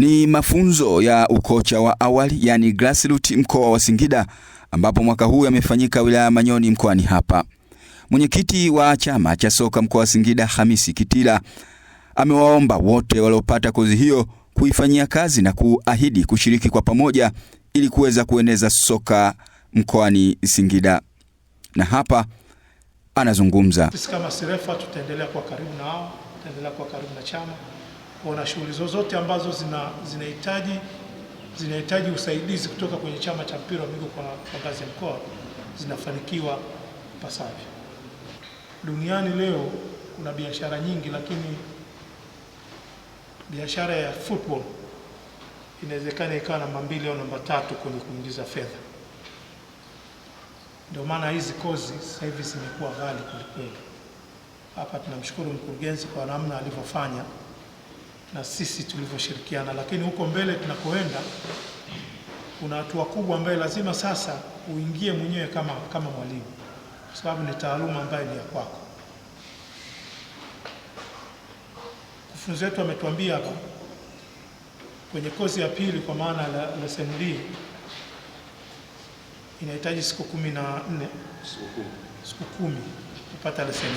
Ni mafunzo ya ukocha wa awali yani grassroots mkoa wa Singida ambapo mwaka huu yamefanyika wilaya ya Manyoni mkoani hapa. Mwenyekiti wa chama cha soka mkoa wa Singida Hamisi Kitila amewaomba wote waliopata kozi hiyo kuifanyia kazi na kuahidi kushiriki kwa pamoja ili kuweza kueneza soka mkoani Singida. Na hapa anazungumza. Sisi kama Sirefa tutaendelea kwa karibu na wao, tutaendelea kwa karibu na chama na shughuli zozote ambazo zinahitaji zinahitaji usaidizi kutoka kwenye chama cha mpira wa miguu kwa ngazi ya mkoa zinafanikiwa ipasavyo. Duniani leo kuna biashara nyingi, lakini biashara ya football inawezekana ikawa namba mbili au namba tatu kwenye kuingiza fedha. Ndio maana hizi kozi sasa hivi zimekuwa ghali kwelikweli. Hapa tunamshukuru mkurugenzi kwa namna alivyofanya na sisi tulivyoshirikiana, lakini huko mbele tunakoenda kuna hatua kubwa ambayo lazima sasa uingie mwenyewe kama, kama mwalimu kwa sababu ni taaluma ambayo ni ya kwako. Mkufunzi wetu ametuambia hapa kwenye kozi ya pili kwa maana la, la SMD inahitaji siku kumi na nne siku kumi kupata leseni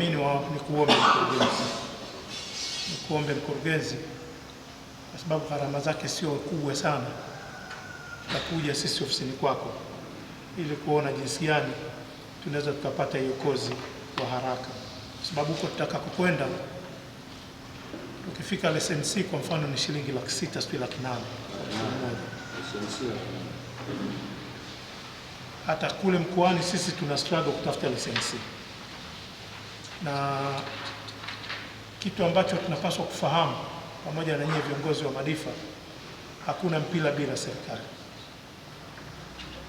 mimi nikuombe mkurugenzi, kuombe mkurugenzi, kwa sababu gharama zake sio kubwa sana, tutakuja sisi ofisini kwako ili kuona jinsi gani tunaweza tukapata hiyo kozi kwa haraka, kwa sababu huko tutakakokwenda tukifika lessensi kwa mfano ni shilingi laki sita sijui laki nane Hata kule mkoani sisi tuna struggle kutafuta lessensi na kitu ambacho tunapaswa kufahamu pamoja na nyie viongozi wa Madifa, hakuna mpira bila serikali.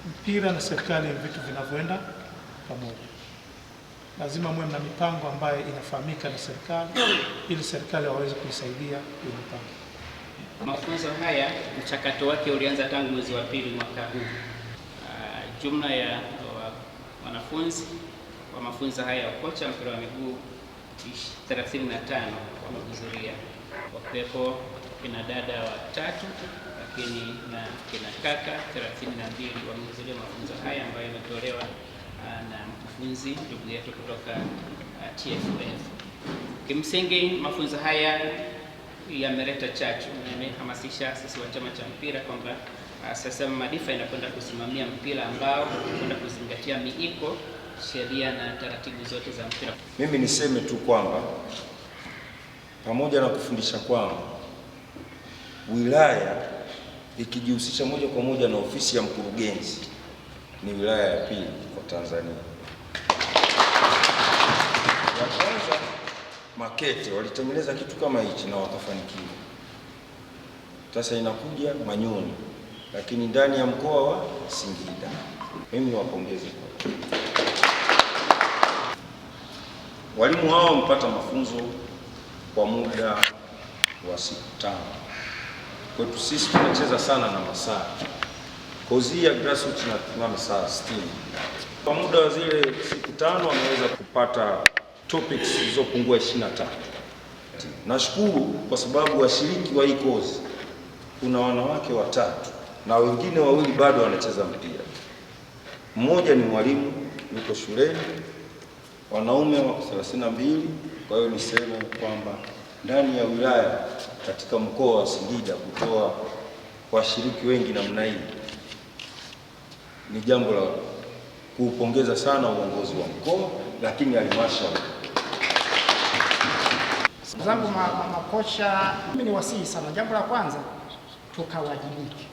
Mpira na serikali ni vitu vinavyoenda pamoja. Lazima muwe mna mipango ambayo inafahamika na serikali ili serikali waweze kuisaidia hiyo mipango. Mafunzo haya mchakato wake ulianza tangu mwezi wa pili mwaka huu. Uh, jumla ya wanafunzi wa mafunzo haya ya kocha mpira wa miguu 35 wamehudhuria, wakiwepo kina dada watatu, lakini na kina kaka 32 wamehudhuria mafunzo haya ambayo yametolewa ah, na mkufunzi ndugu yetu kutoka ah, TFF. Kimsingi mafunzo haya yameleta chachu na yamehamasisha sisi wa chama cha mpira kwamba ah, sasa Madifa inakwenda kusimamia mpira ambao unakwenda kuzingatia miiko sheria na taratibu zote za mpira. Mimi niseme tu kwamba pamoja na kufundisha kwangu, wilaya ikijihusisha moja kwa moja na ofisi ya mkurugenzi ni wilaya ya pili kwa Tanzania. Ya kwanza Makete walitengeneza kitu kama hichi na wakafanikiwa. Sasa inakuja Manyoni, lakini ndani ya mkoa wa Singida. Mimi niwapongeze kwa Walimu hao wamepata mafunzo kwa muda wa siku tano. Kwetu sisi tunacheza sana na masaa kozi ya grassroots na masaa 60. Kwa muda wa zile siku tano wameweza kupata topics zilizopungua 23. Nashukuru kwa sababu washiriki wa hii kozi kuna wanawake watatu na wengine wawili bado wanacheza mpira. Mmoja ni mwalimu yuko shuleni wanaume wako 32. Kwa hiyo niseme kwamba ndani ya wilaya katika mkoa wa Singida kutoa washiriki wengi namna hii ni jambo la kuupongeza sana uongozi wa mkoa, lakini halmashauri zangu makocha, mimi ni wasihi sana, jambo la kwanza tukawajibike,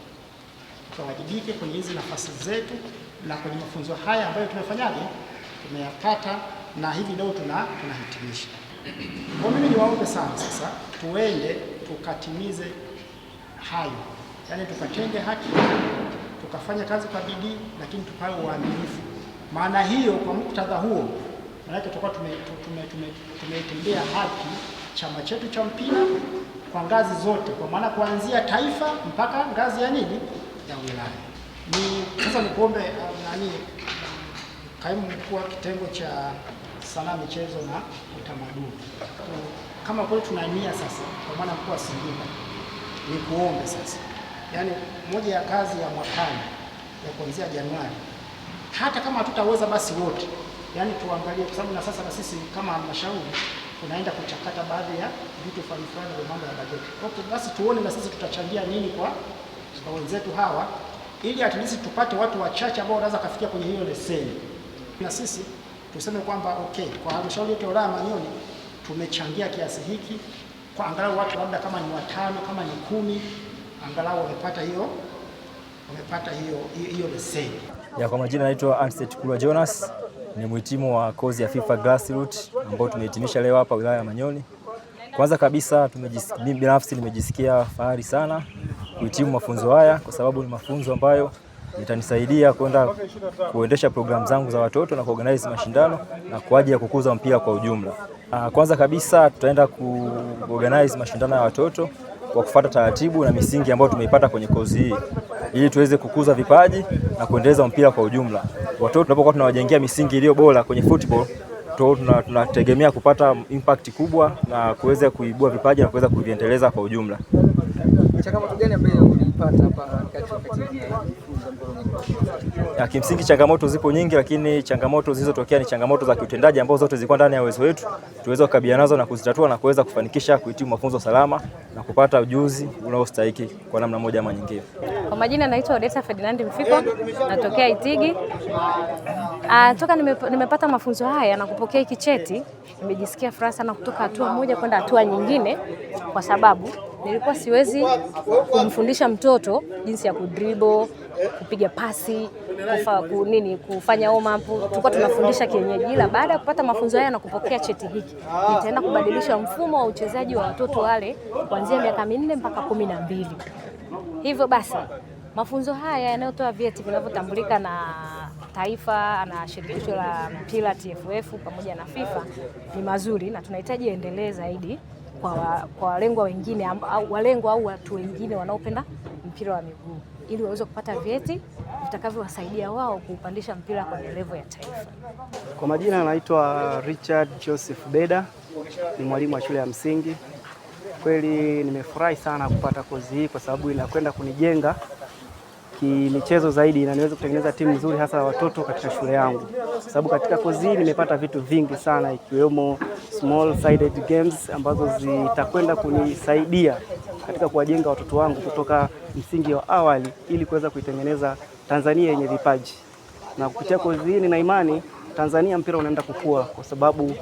tukawajibike kwenye hizi nafasi zetu na kwenye mafunzo haya ambayo tumefanyaje tumeyapata na hivi leo tuna tunahitimisha. Kwa mimi niwaombe sana sasa, tuende tukatimize hayo, yaani tukatenge haki, tukafanya kazi kwa bidii, lakini tukawe uaminifu Maana hiyo kwa muktadha huo, maanake tutakuwa tumeitendea haki chama chetu cha mpira kwa ngazi zote, kwa maana kuanzia taifa mpaka ngazi ya nini ya wilaya. Ni sasa nikuombe uh, nani, kaimu mkuu wa kitengo cha sanaa, michezo na utamaduni. Kama kweli tuna nia sasa, kwa maana mkuu wa Singida, ni kuombe sasa, yaani moja ya kazi ya mwakani ya kuanzia Januari, hata kama hatutaweza basi wote, yaani tuangalie, kwa sababu na sasa na sisi kama halmashauri tunaenda kuchakata baadhi ya vitu fulani fulani vya mambo ya bajeti. Okay, basi tuone na sisi tutachangia nini kwa kwa wenzetu hawa, ili at least tupate watu wachache ambao wanaweza kufikia kwenye hiyo leseni na sisi tuseme kwamba okay, kwa halmashauri yetu ya wilaya Manyoni tumechangia kiasi hiki, kwa angalau watu labda kama ni watano kama ni kumi, angalau wamepata hiyo wamepata hiyo hiyo leseni ya. Kwa majina naitwa Anset Kulwa Jonas, ni mhitimu wa kozi ya FIFA Grassroots ambao tumehitimisha leo hapa wilaya ya Manyoni. Kwanza kabisa mimi binafsi nimejisikia fahari sana kuhitimu mafunzo haya kwa sababu ni mafunzo ambayo itanisaidia kwenda kuendesha programu zangu za watoto na kuorganize mashindano na kwa ajili ya kukuza mpira kwa ujumla. Ah, kwanza kabisa tutaenda kuorganize mashindano ya watoto kwa kufuata taratibu na misingi ambayo tumeipata kwenye kozi hii ili tuweze kukuza vipaji na kuendeleza mpira kwa ujumla. Watoto tunapokuwa tunawajengea misingi iliyo bora kwenye football tunategemea kupata impact kubwa na kuweza kuibua vipaji na kuweza kuviendeleza kwa ujumla. Changamoto gani ambayo ulipata hapa katika na kimsingi changamoto zipo nyingi, lakini changamoto zilizotokea ni changamoto za kiutendaji ambazo zote zilikuwa ndani ya uwezo wetu tuweze kukabiliana nazo na kuzitatua na kuweza kufanikisha kuhitimu mafunzo salama na kupata ujuzi unaostahiki kwa namna moja ama nyingine. Kwa majina naitwa Odeta Ferdinand Mfiko, natokea Itigi. Ah, toka nime, nimepata mafunzo haya na kupokea hiki cheti, nimejisikia furaha sana kutoka hatua moja kwenda hatua nyingine kwa sababu nilikuwa siwezi kumfundisha mtoto jinsi ya kudribble kupiga pasi kufa, nini, kufanya warm up, tulikuwa tunafundisha kienyeji, ila baada ya kupata mafunzo haya na kupokea cheti hiki nitaenda kubadilisha mfumo wa uchezaji wa watoto wale kuanzia miaka minne mpaka kumi na mbili. Hivyo basi mafunzo haya yanayotoa vyeti vinavyotambulika na taifa na shirikisho la mpira TFF pamoja na FIFA ni mazuri na tunahitaji endelee zaidi kwa walengwa wengine au walengwa au watu wengine wanaopenda mpira wa miguu ili waweze kupata vyeti vitakavyowasaidia wao kuupandisha mpira kwenye levo ya taifa. Kwa majina anaitwa Richard Joseph Beda, ni mwalimu wa shule ya msingi. Kweli nimefurahi sana kupata kozi hii kwa sababu inakwenda kunijenga kimichezo zaidi na niweze kutengeneza timu nzuri hasa ya watoto katika shule yangu, sababu katika kozi hii nimepata vitu vingi sana ikiwemo small sided games ambazo zitakwenda kunisaidia katika kuwajenga watoto wangu kutoka msingi wa awali ili kuweza kuitengeneza Tanzania yenye vipaji, na kupitia kozi hii nina imani Tanzania mpira unaenda kukua kwa sababu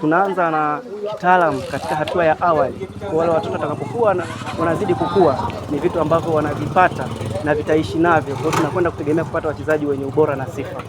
tunaanza na kitaalam katika hatua ya awali. Kwa wale watoto watakapokuwa wanazidi kukua, ni vitu ambavyo wanavipata na vitaishi navyo, kwa hiyo tunakwenda kutegemea kupata wachezaji wenye ubora na sifa.